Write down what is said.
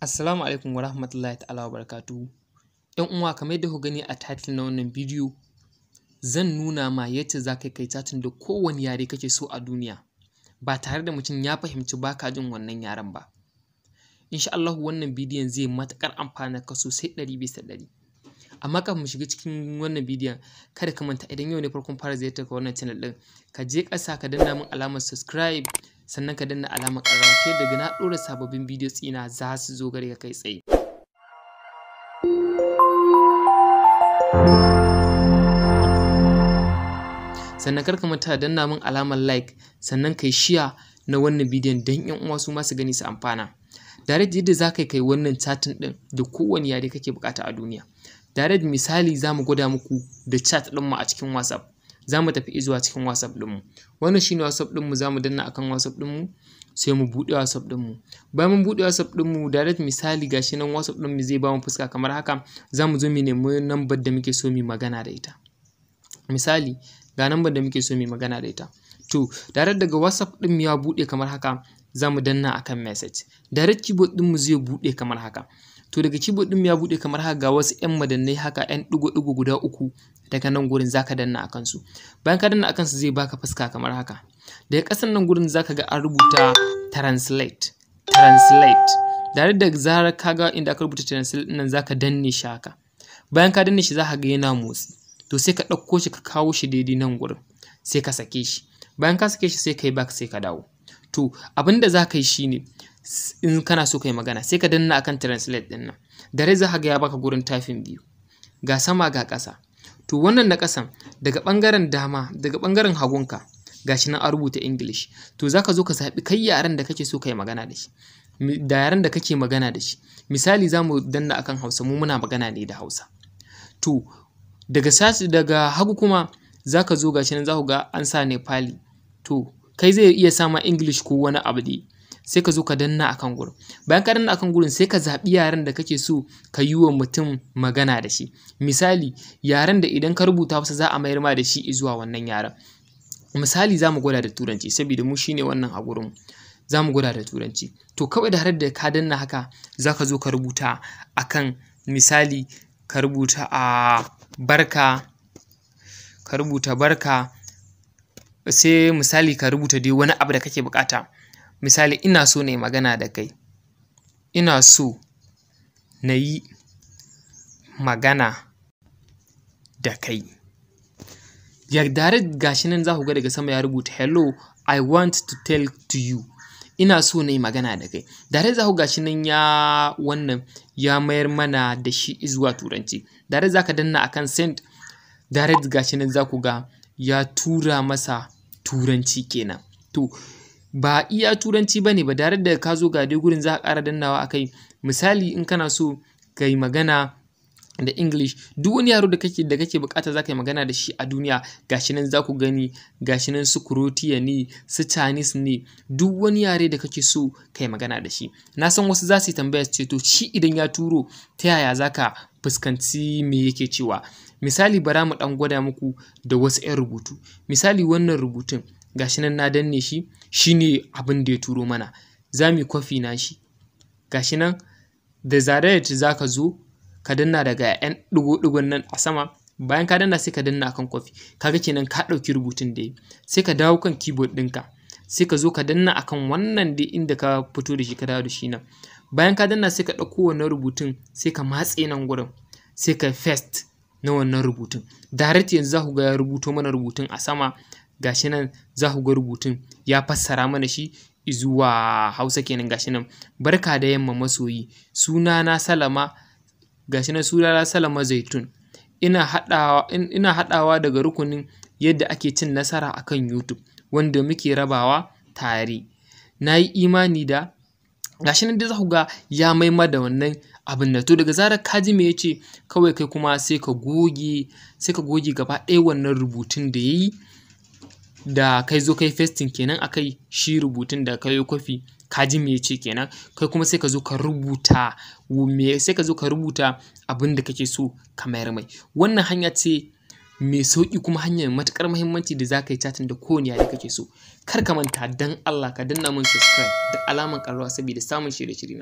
Assalamu alaikum wa rahmatullahi ta'ala wa barakatuhu. ‘Yan uwa kamar yadda ku gani a title na wannan bidiyo, zan nuna ma yadda za ka kai chatting da kowane yare kake so a duniya, ba tare da mutum ya fahimci ba ka jin wannan yaren ba. Insha Allahu wannan bidiyon zai matuƙar amfana ka sosai ɗari bisa ɗari. Amma kafin mu shiga cikin wannan bidiyon, kada ka manta idan yau ne farkon fara ziyartar ka wannan channel ɗin, ka je ƙasa ka danna min alamar subscribe sannan ka danna alamar ƙararrawa ta yadda na ɗora sababbin bidiyo tsina za su zo gare ka kai tsaye sannan karka mata danna mun alamar like sannan kai shiya na wannan bidiyon don yan uwa su ma gani su amfana direct yadda za ka kai wannan chatin ɗin da kowane yare kake bukata a duniya direct misali za mu gwada muku da chat ɗinmu mu a cikin whatsapp za mu tafi izuwa cikin WhatsApp ɗinmu. Wannan shine WhatsApp ɗinmu za mu danna akan WhatsApp ɗinmu sai mu buɗe WhatsApp ɗinmu. Bayan mun buɗe WhatsApp ɗinmu direct misali gashi nan WhatsApp ɗinmu zai ba mu fuska kamar haka za mu zo mu nemi number da muke so mu magana da ita. Misali ga number da muke so mu magana da ita. To direct daga WhatsApp ɗinmu ya buɗe kamar haka za mu danna akan message. Direct keyboard ɗinmu zai buɗe kamar haka. to daga keyboard ɗin ya buɗe kamar haka ga wasu 'yan madannai haka 'yan ɗigo-ɗigo guda uku daga nan gurin zaka danna akan su bayan ka danna akan su zai baka fuska kamar haka Da daga ƙasan nan gurin zaka ga an rubuta translate translate tare da zarar ka ga inda aka rubuta translate nan zaka danne shi haka bayan ka danne shi zaka ga yana motsi to sai ka ɗauko shi ka kawo shi daidai nan gurin sai ka sake shi bayan ka sake shi sai kai back sai ka dawo to abin da za ka yi shine in kana so kai magana sai ka danna akan translate din nan da rai za ka ga ya baka gurin tafin biyu ga sama ga ƙasa to wannan na ƙasan daga ɓangaren dama daga ɓangaren hagunka gashi nan a rubuta english to zaka zo ka zaɓi kai yaren da kake so kai magana da shi da yaren da kake magana da shi misali za danna akan hausa mu muna magana ne da hausa to daga sashi daga hagu kuma zaka zo gashi nan za ga an sa nepali to kai zai iya sama english ko wani abu dai sai ka zo ka danna akan gurin bayan ka danna akan gurin sai ka zaɓi yaren da kake so ka yi wa mutum magana da shi misali yaren da idan ka rubuta wasu za a mayar ma da shi zuwa wannan yaren misali za mu gwada da turanci saboda mu shine wannan a gurin za mu gwada da turanci to kawai da har da ka danna haka za ka zo ka rubuta akan misali ka rubuta a barka ka rubuta barka sai misali ka rubuta dai wani abu da kake bukata misali ina so na yi magana da kai ina so na yi magana da kai yardare gashi nan za ku ga daga sama ya rubuta hello i want to tell to you ina so na yi magana da kai dare za gashi nan ya wannan ya mayar mana da shi zuwa turanci dare za ka danna akan send dare gashi nan za ku ga ya tura masa turanci kenan to ba iya turanci bane ba tare da ka zo ga dai gurin za ka ƙara dannawa akai misali in kana so ka magana da English duk wani yaro da kake da kake bukata zaka yi magana da shi a duniya gashi nan za ku gani gashi nan su Croatia ne su Chinese ne duk wani yare da kake so kai magana da shi na san wasu za su yi tambaya su ce to shi idan ya turo ta yaya za ka? fuskanci me yake cewa misali bara mu dan gwada muku da wasu 'yan rubutu misali wannan rubutun gashi nan na danne shi shine abin da ya turo mana za mu kwafi na shi gashi nan da zarar za ka zo ka danna daga 'yan ɗigo-ɗigon nan a sama bayan ka danna sai ka danna kan kwafi kaga kenan ka ɗauki rubutun da yi sai ka dawo kan keyboard ɗinka sai ka zo ka danna akan wannan dai inda ka fito da shi ka dawo da shi nan bayan ka danna sai ka ɗauko wannan rubutun sai ka matse nan gurin sai ka paste na wannan rubutun direct yanzu za ku ga ya rubuto mana rubutun a sama gashi nan za ku ga rubutun ya fassara mana shi zuwa hausa kenan gashi nan barka da yamma masoyi suna salama gashi nan suna na salama zaitun ina haɗawa ina haɗawa daga rukunin yadda ake cin nasara akan youtube wanda muke rabawa tare na yi imani da gashi nan dai za ku ga ya maima da wannan abin da to daga zarar ka ji me ya ce kawai kai kuma sai ka goge sai ka goge gaba ɗaya wannan rubutun da ya yi da kai zo kai festin kenan akai shi rubutun da kai kwafi ka ji me yace kenan kai kuma sai ka zo ka rubuta me sai ka zo ka rubuta abin da kake so ka mayar mai wannan hanya ce mai sauƙi kuma hanyar matukar muhimmanci da za ka yi chatin da kowane yare kake so kar ka manta dan Allah ka danna min subscribe da alamar ƙararrawa saboda samun shirye-shirye